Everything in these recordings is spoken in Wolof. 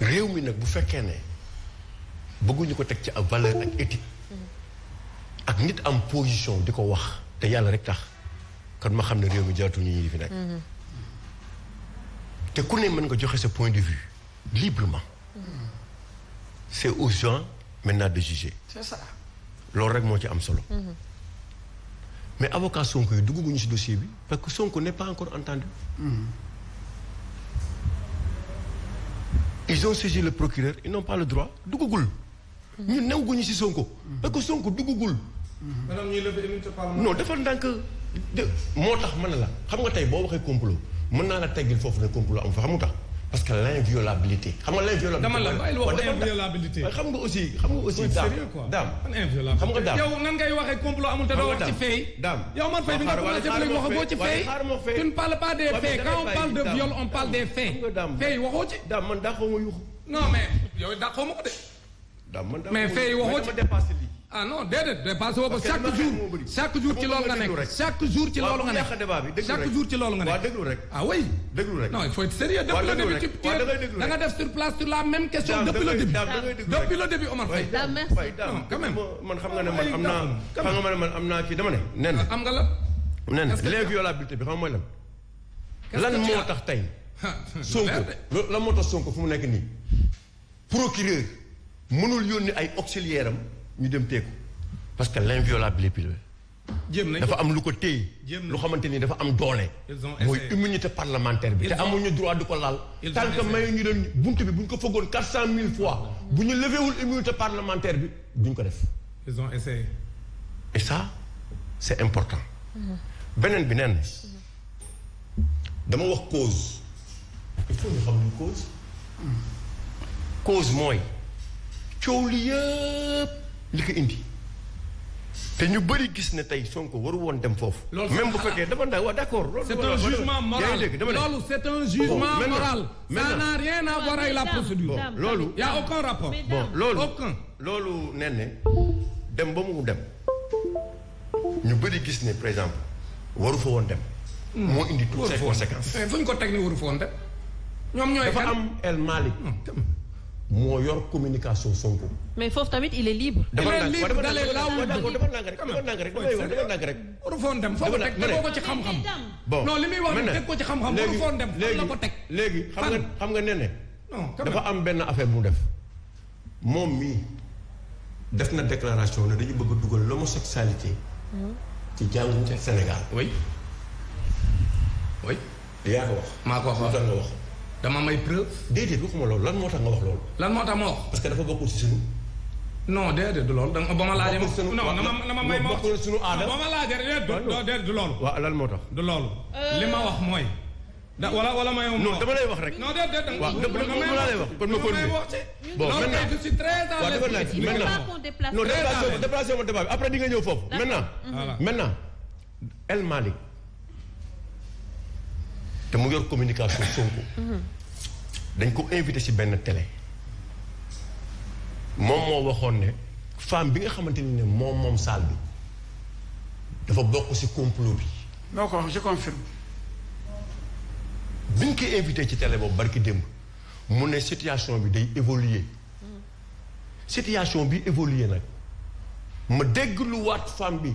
réew mi nag bu fekkee ne bëgguñu ko teg ci ab valeur ak éthique ak nit am position di ko wax te yàlla rek tax kon ma xam ne réew mi jaatu ñu ñi fi nekk te ku ne mën nga joxe sa point de vue librement mm-hmm. c'est aux gens maintenant de juger c'est ça loolu rek moo ci am solo mm-hmm. mais avocat Sonko yi dugguñu si dossier bi parce que Sonko n'est pas encore entendu mm-hmm. ils ont saisi le procureur ils n'ont pas le droit duggagul. Mhm. ñun newguñu si Sonko. Mhm. parce que Sonko duggagul. maanaam mhm. ñuy lever immunité parlementaire defal ndànk de moo tax mën na la xam nga tey boo waxee complot mën naa la teggil foofu ne complot am fa xamu tax. parce que l'inviolabilité xam nga l'inviolabilité. dama la bàyyi wax inviolabilité xam nga aussi xam nga aussi. daam daam xam nga daam yow nan ngay waxee complot amul te doo wax ci fee. daam yow man fay bi nga commencé ba léegi waxoo ci fee. tu ne parles pas des faits quand on parle de viol on parle des faits. fee waxoo ci. daam man dàqoo ma yuuxu. non mais yow dàqoo ma ko de. daam man dàqoo ma mais fee waxoo ci. ah non déedéet dépassé woo ko chaque jour chaque jour ci loolu nga nekk chaque jour ci loolu nga nekk chaque jour ci loolu nga nekk ah oui déglu rek non il faut être sérieux depuis le début ci da nga def place sur la même question depuis le début depuis le début Omar Faye ah, non man xam nga ne man am naa kii dama ne nen ah, am nga la nen l'inviolabilité bi xam mooy lan moo tax tey ah, Sonko lan moo tax Sonko fu mu nekk nii procureur mënul ni ay auxiliaire am ñu dem teeku parce que l'inviolabilité jéem nañ dafa am lu ko téye. lu xamante ni dafa am doole. mooy immunité parlementaire bi. te amuñu droit di ko laal. tant que mayu ñu bi bu ñu ko fëggoon quatre cent mille fois bu ñu levéwul immunité parlementaire bi ñu ko def. ils ont essayé. et ça c' est important. beneen bi neen dama wax cause. cause. mooy coow li yëpp. li ko indi te ñu bari gis ne tey Sonko waru woon dem foofu. même bu fekkee dama ndax waaw d' accord. loolu c'est un jugement moral loolu c'est un rien à voir la procédure. loolu y' a aucun rapport. bon loolu aucun. nee ne dem ba mu dem ñu bëri gis ne par exemple waru fa woon dem. Hmm. moo indi toutes ces conséquences. Eh, fu ñu ko teg ni waru fa woon dem. ñoom ñooy dafa am El Malick. Hmm. moo yor communication Sonko. mais foofu tamit il est libre. dafa libre dalee laaw dafa nang rek dafa nang rek dafa nang rek. waru foon dem foofu teg tegoo ko ci xam-xam. bon li muy wax nii teg ko ci xam-xam waru foon dem fan ko teg. léegi xam nga xam nga nee ne. dafa am benn affaire bu mu def. moom mii def na déclaration la dañu bëgg dugal l'homosexualité ci jàngu Sénégal. ci oui. yaa ko wax. maa dama may preuve. déedéet waxuma loolu lan moo tax nga wax loolu. lan moo tax ma wax. parce que dafa bokkul ci sunu. non déedéet du loolu da nga ba ma sunu non na ma may ma wax bokkul sunu aada. ba ma laajee déedéet du loolu. Euh. li ma wax mooy. da wala wala ma yow. non dama lay wax rek. non déedéet da nga wax kon ma kon bon maintenant je suis très à l'aise. maintenant non déplacé après di nga ñëw foofu. maintenant maintenant El Malick te mu yor communication Sonko dañ ko invité si benn télé moom moo waxoon ne femme bi nga xamante ni ne moom moom saal bi dafa bokk si complot bi. noo ko je confirme. biñ ko invité ci télé boobu barki démb mu ne situation bi day évoluer situation bi évoluer nag ma dégg lu bi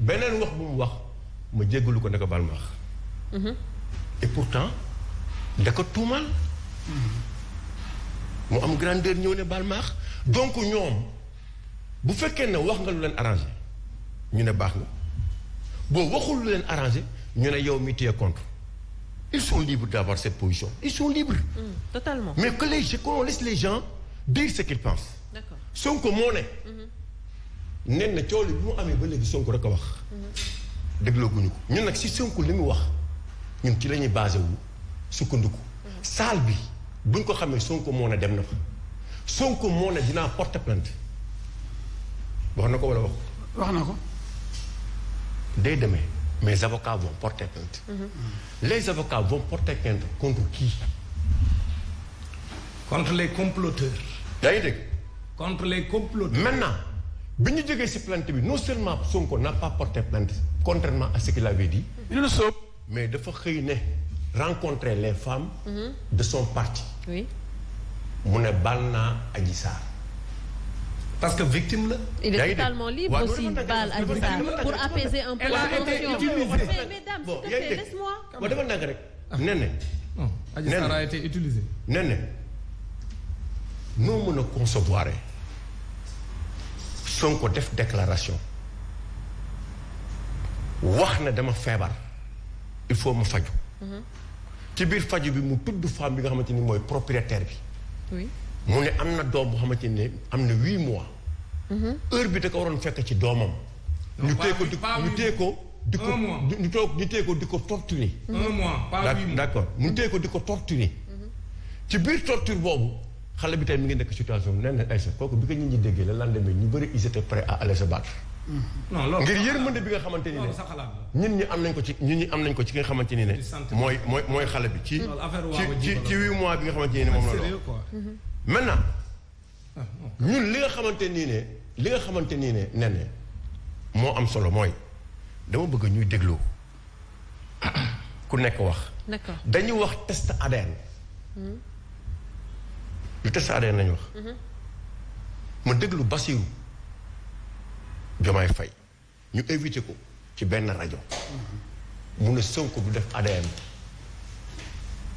beneen wax bu mu wax ma jéggalu ko ne ko bal et pourtant da ko tuumal mu am grandeur ñëw ne baal maax donc ñoom bu fekkee ne wax nga lu leen arrangé ñu ne baax nga boo waxul leen arrangé ñu ne yow mi téye contre ils sont libres d'avoir cette position ils sont libres. Mmh, totalement mais que les qu'on laisse les gens dire ce qu'ils Sonko moo ne. Mm-hmm. nen na coono bi mu amee ba léegi Sonko rek a wax. Mm-hmm. dégloo guñu ko ñun nag si Sonko li mu wax. ñun ci la ñuy basé wu sukkandiku. saal bi buñ ko xamee Sonko moo ne dem na fa Sonko moo ne dinaa porter plainte wax na ko wala wax wax na ko. dès demain mais avocats vont porter plainte. Mhm. les avocats vont porter plainte contre qui. contre les maintenant bi ñu jógee ci bi non seulement Sonko n'a pas porté plainte contrairement à ce qu'il avait dit. il le mais dafa xëy ne rencontrer les femmes. Mhm. de son parti. oui mu ne baal naa Adji parce que victime la. il est totalement libre aussi baal Adji Sarr pour apaiser un peu la dama nag rek. Ah. nee na. non oh, Adji Sarr a noo mën a concevoir Sonko def déclaration wax na dama feebar. il faut ma faju mhm. ci biir faju bi mu tudd femme bi nga xamante ni mooy propriétaire bi. oui mu ne am na doom bu xamante ne am na huit mois. Mhm. heure bi da ko waroon fekk ci doomam. ñu téye ko di ñu téye ko di ñu toog ñu téye ko di ko torturer. un mois pas huit mois d'accord ñu mhm. téye ko di ko torturer. ci biir torture boobu xale bi tey mi ngi nekk situation bi nee na Aïssa kooku bi ko nit ñi déggee la lendemain ñu bëri ils étaient prêts à aller non loolu ngir yërmande bi nga xamante ni ne ñun ñi am nañ ko ci ñun ñi am nañ ko ci nga xamante ni ne mooy mooy mooy xale bi ci ci ci huit mois bi nga xamante ni ne moom la doon mm-hmm. maintenant ah, ñun li nga xamante nii ne li nga xamante nii ne nen moo am solo mooy dama bëgg ñuy dégloo ku nekk wax dañu wax test ADN mm-hmm. lu test adden lañu wax mm-hmm. ma déglu Basiru Diomaye Faye ñu invité ko ci benn rajo mu ne Sonko du def ADM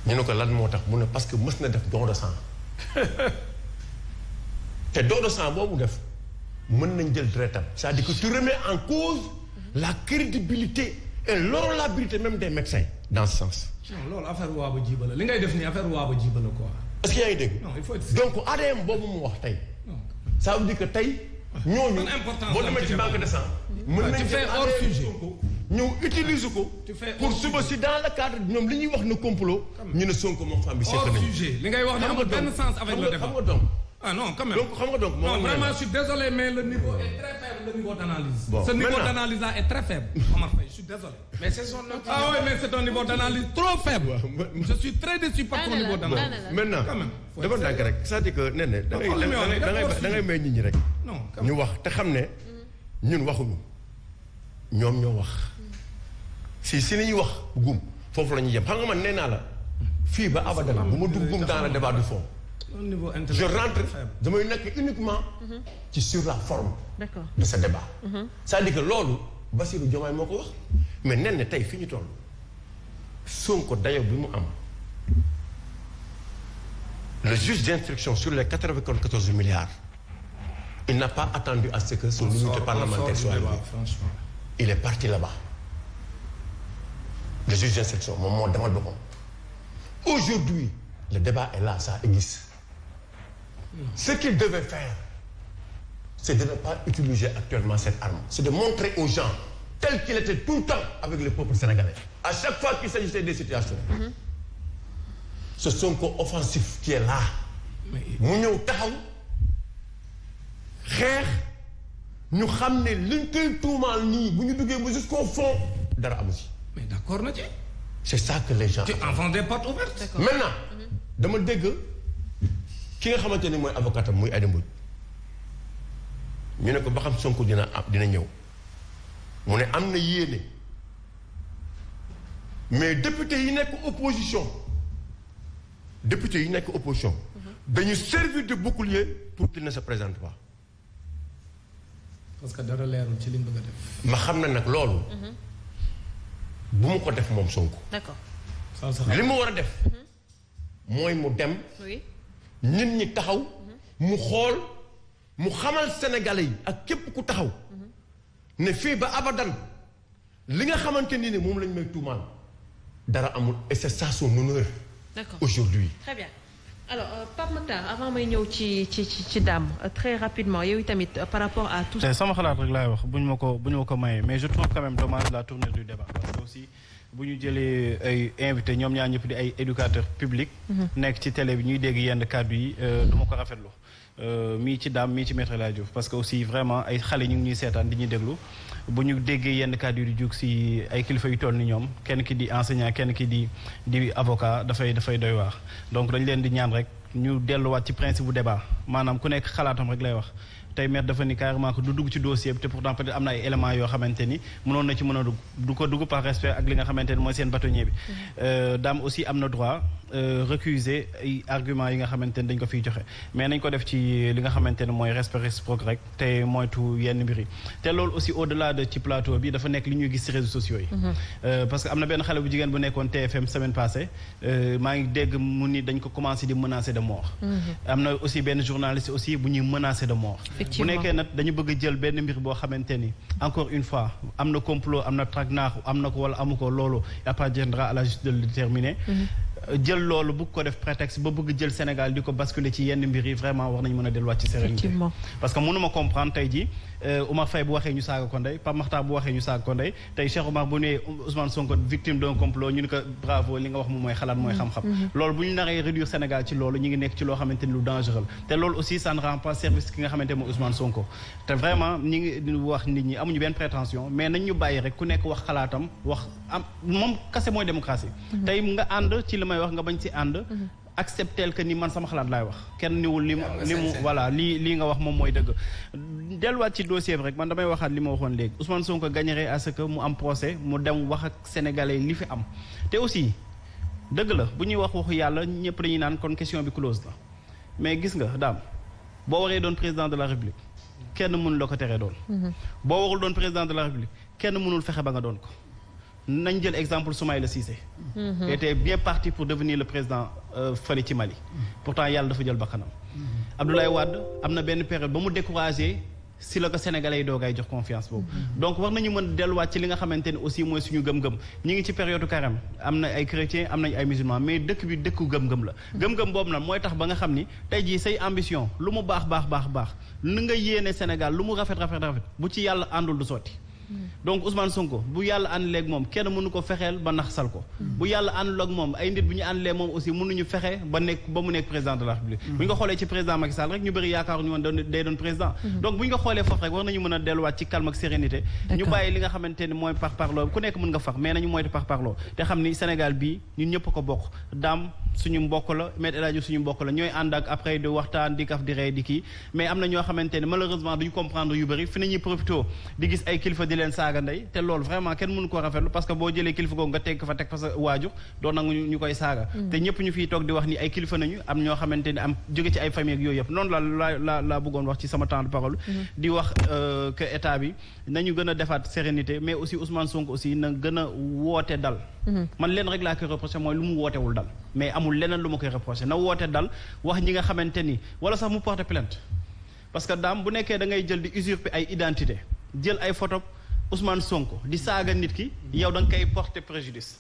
ñu ne ko lan moo tax mu ne parce que mës na def don de sang te don de sang boobu def mën nañ jël deretam c'est-à-dire que tu remets en cause la crédibilité et l'honorabilité même des médecins dans ce sens. loolu affaire waaba jiiba la li ngay def nii affaire waaba jiiba la quoi. est ADM boobu mu wax tey. ça veut tey. ñooñu boo demee ci banque de sang. mën ah, nañu jël hors sujet ñëw utiliser ko. pour suba si dans le cadre ñoom li ñuy wax ne complot. ñu ne Sonko moo ko am bi. hors sujet li ngay wax ne amul benn sens avec le débat xam nga donc. ah non quand même donc xam nga donc non vraiment je suis désolé mais le niveau est très faible le niveau d'analyse. bon ce niveau d'analyse là est très faible. Omar Faye je suis désolé. mais c'est son niveau. ah oui mais c'est un niveau d'analyse trop faible. je suis très déçu par ton niveau d'analyse. maintenant dafa dàgg rek c'est-à-dire que nee na da ngay da ngay may nit ñi rek. non ñu wax te xam ne ñun waxuñu ñoom ñoo wax si si nañu wax gum foofu la ñuy yem xam nga man nee naa la fii ba abadan bu ma dugg gum dans le débat du fond. niveau je rentre damay nekk uniquement. ci sur la forme. de ce débat. Mhm. cest dire que loolu Bassirou Diomaye moo ko wax mais nen na fi ñu toll Sonko dayo bi mu am le juge d'instruction sur les quatre-vingt-quatorze milliards il n'a pas attendu à ce que son unité parlementaire soit levée il est parti là d'instruction moom moo demal boppam aujourd'hui le débat est là ça existe Ce qu'il devait faire, c'est de ne pas utiliser actuellement cette arme. C'est de montrer aux gens, tel qu'il était tout le temps avec le peuple sénégalais, à chaque fois qu'il s'agissait des situations. Mm -hmm. Ce Sonko offensif qui est là. mu ñëw taxaw xeex ñu xam ne liñ koy tuumaal bu ñu duggee ba jusqu'au fond dara amu si. mais d'accord na ci. c'est ça que les gens. tu en vends des portes ouvertes. maintenant dama dégg. ki nga xamante ni mooy avocat am muy Aïda Mbodj ñu ne ko ba xam Sonko dina dina ñëw mu ne am na yéene mais député yi nekk opposition député yi nekk opposition mhm. dañu servir de bouclier pour qu'il na sa présente pas. parce que dara leerul ci li mu def. ma xam na nag loolu. Mhm. bu mu ko def moom Sonko. d'accord li mu war a def. Mhm. mooy mu dem. ñun ñi taxaw mu xool mu xamal sénégalais yi ak képp ku taxaw ne fii ba abadan li nga xamante ni ne moom lañ may tuumaal dara amul et c'est ça son honneur d'accord aujourd'hui très bien alors euh, Pape avant may ñëw ci ci ci Dame euh, très rapidement yow tamit euh, par rapport à tout eh, sama xalaat rek laay wax bu ñu ma ko bu ñu ma ko mayee mais je trouve quand même la tournure du débat parce que aussi bu ñu jëlee ay invité ñoom ñaa ñëpp di ay éducateur public. Mhm. nekk ci télé bi ñuy dégg yenn kàddu yi euh, du ma ko rafetlu euh, mii ci daam mii ci maître El parce que aussi vraiment ay xale ñu ngi ñuy seetaan di ñuy déglu bu ñu déggee yenn kàddu yi di jug si ay kilifa yu toll ni ñoom kenn ki di enseignant kenn ki di di avocat dafay dafay doy waar donc dañ leen di ñaan rek ñu delluwaat ci principe bu débat maanaam ku nekk xalaatam rek lay wax tey maire dafa ni carrément que du dugg ci dossier bi te pourtant peut-être am na ay éléments yoo xamante ni mënoon na ci mën a dugg du ko dugg par respect ak li nga xamante ni mooy seen bâtonnier bi mm-hmm. euh, daam euh, mooy respect yenn mbir te loolu aussi au delà de ci plateau bi dafa nekk li ñuy gis ci réseaux sociaux yi mm-hmm. euh, parce que am na benn xale bu jigéen bu nekkoon TFM semaine passée maa ngi dégg mu ni dañ ko commencé di menacer de mort mm-hmm. am na aussi benn journaliste effectivement bu nekkee nag dañu bëgg jël benn mbir boo xamante ni encore une fois am na complot am na traquenard am na ko wala amu ko loolu appartiendra à la justice de le déterminer. Mm-hmm. jël loolu bëgg ko def prétexte ba bëgg jël Sénégal di ko basculer ci yenn mbir yi nañu mën a delluwaat ci sérénité parce que mënuma comprendre tey ji euh, Oumar Faye bu waxee ñu saaga ko ndey Pape Makhtar bu waxee ñu saaga ko ndey tey Cheikh Oumar bu nee Ousmane Sonko victime d'un complot ñu ni bravo li nga wax mooy xalaat mooy mm-hmm. xam-xam mm-hmm. loolu bu ñu naree réduire Sénégal ci loolu ñu ngi nekk ci loo xamante lu dangereux te loolu aussi ça ne rend may wax nga bañ si ànd. Mhm. acceptel que ni man sama xalaat laay wax kenn niwul li mu li mu voilà lii lii nga wax moom mooy dëgg delluwaat ci dossier bi rek man damay waxaat li ma waxoon léegi Ousmane Sonko gagnerait à ce que mu am procès mu dem wax ak sénégalais li fi am te aussi dëgg la bu ñuy wax waxu yàlla ñëpp dañuy naan kon question bi close la mais gis nga daam boo waree doon président de la république kenn mënu la ko teree doon mhm. boo kenn mënul fexe ba nga doon ko nañ jël exemple Soumaïla Cissé mhm. était bien parti pour devenir le président euh, fële ci Mali mhm. pourtant yàlla dafa jël bakkanam mhm. Abdoulaye Wade am na benn période ba mu découragé si la ko sénégalais yi doogaay jox confiance boobu donc war nañu mën delluwaat ci li nga xamante ne aussi mooy suñu gëm-gëm ñu ngi ci période carême am na ay chrétiens am nañ ay musulmans mais dëkk bi dëkku gëm-gëm la gëm-gëm boobu nag mooy tax ba nga xam ni tey jii say ambition lu mu baax baax baax baax ni nga yéene Sénégal lu mu rafet rafet bu ci yàlla àndul du donc Ousmane Sonko bu yàlla ànd leeg moom kenn mënu ko fexeel ba naxsal ko bu yàlla àndul ak moom ay nit bu ñu àndulee moom aussi mënuñu fexe ba nekk ba mu nekk président de la République mm-hmm. bu ñu ko xoolee ci président Macky Sall rek ñu bëri yaakaaru ñu woon day doon président mm-hmm. donc bu ñu ko xoolee foofu rek war nañu mën a delluwaat ci calme ak sérénité ñu bàyyi li nga xamante ni mooy parparloo ku nekk mën nga fax mais nañu moytu parparloo te xam ko bokk suñu mbokk la Maître El Hadji suñu mbokk la ñooy ànd ak après di waxtaan di kaf di rey di kii mais am na ñoo xamante ne malheureusement duñu comprendre yu bëri fi nañuy profité di gis ay kilifa di leen ñu koy saaga mm. te ñëpp ñu fiy toog di wax ni ay kilifa nañu am ñoo xamante am jóge ci ay famille yooyu yëpp noonu la laa bëggoon wax ci sama temps parole mm-hmm. di wax euh, que état bi nañu gën defaat sérénité mais aussi Ousmane Sonko aussi na gën woote dal mm-hmm. man leen rek laa koy reproché mooy lu mu wootewul dal mais mu leneen lu ma koy reproché na woote dal wax ñi nga xamante ni wala sax mu porte plainte parce que daam bu nekkee da ngay jël di usurper ay identité jël ay photo Ousmane Sonko di saaga nit ki yow da nga koy porter préjudice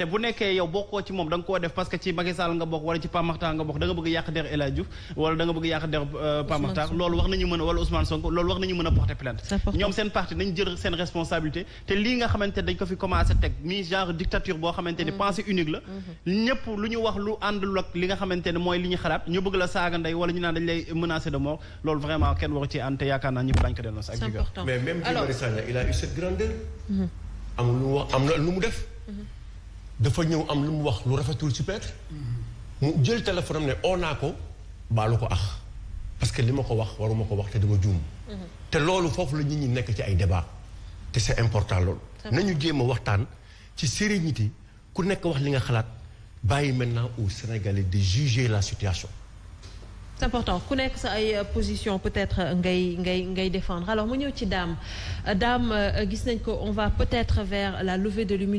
te bu nekkee yow bokkoo ci moom da nga koo def parce que ci Macky Sall nga bokk wala ci Pape nga bokk da bëgg yàq der El Hadj Diouf wala da bëgg yàq der euh, Pape Makhtar wax nañu mën a wala Ousmane Sonko wax nañu mën a porter plainte ñoom seen parti nañ jël seen responsabilité te lii nga xamante dañ ko fi commencé teg mi genre dictature boo xamante ne mm-hmm. pensée unique la mm-hmm. ñëpp lu ñu wax lu àndul ak li nga xamante ne mooy li ñu xalaat ñu bëgg la saaga ndey wala ñu naan dañ lay menacer de a na mm-hmm. lu mu def dafa ñëw am lu mu wax lu rafetul ci Petr mu jël téléphone am ne oo naa ko baalu ko ax parce que li ma ko wax waruma ko wax te dama juum te loolu foofu la nit ñi nekk ci ay débat te c'est important loolu nañu jéem a waxtaan ci sérénité ku nekk wax li nga xalaat bàyyi maintenant aux Sénégalais de juger la situation c'est important ku nekk sa ay euh, position peut-être euh, ngay ngay ngay défendre alors mu ñëw ci Dame Dame euh, gis nañ ko on va peut-être vers la levée de l'immunité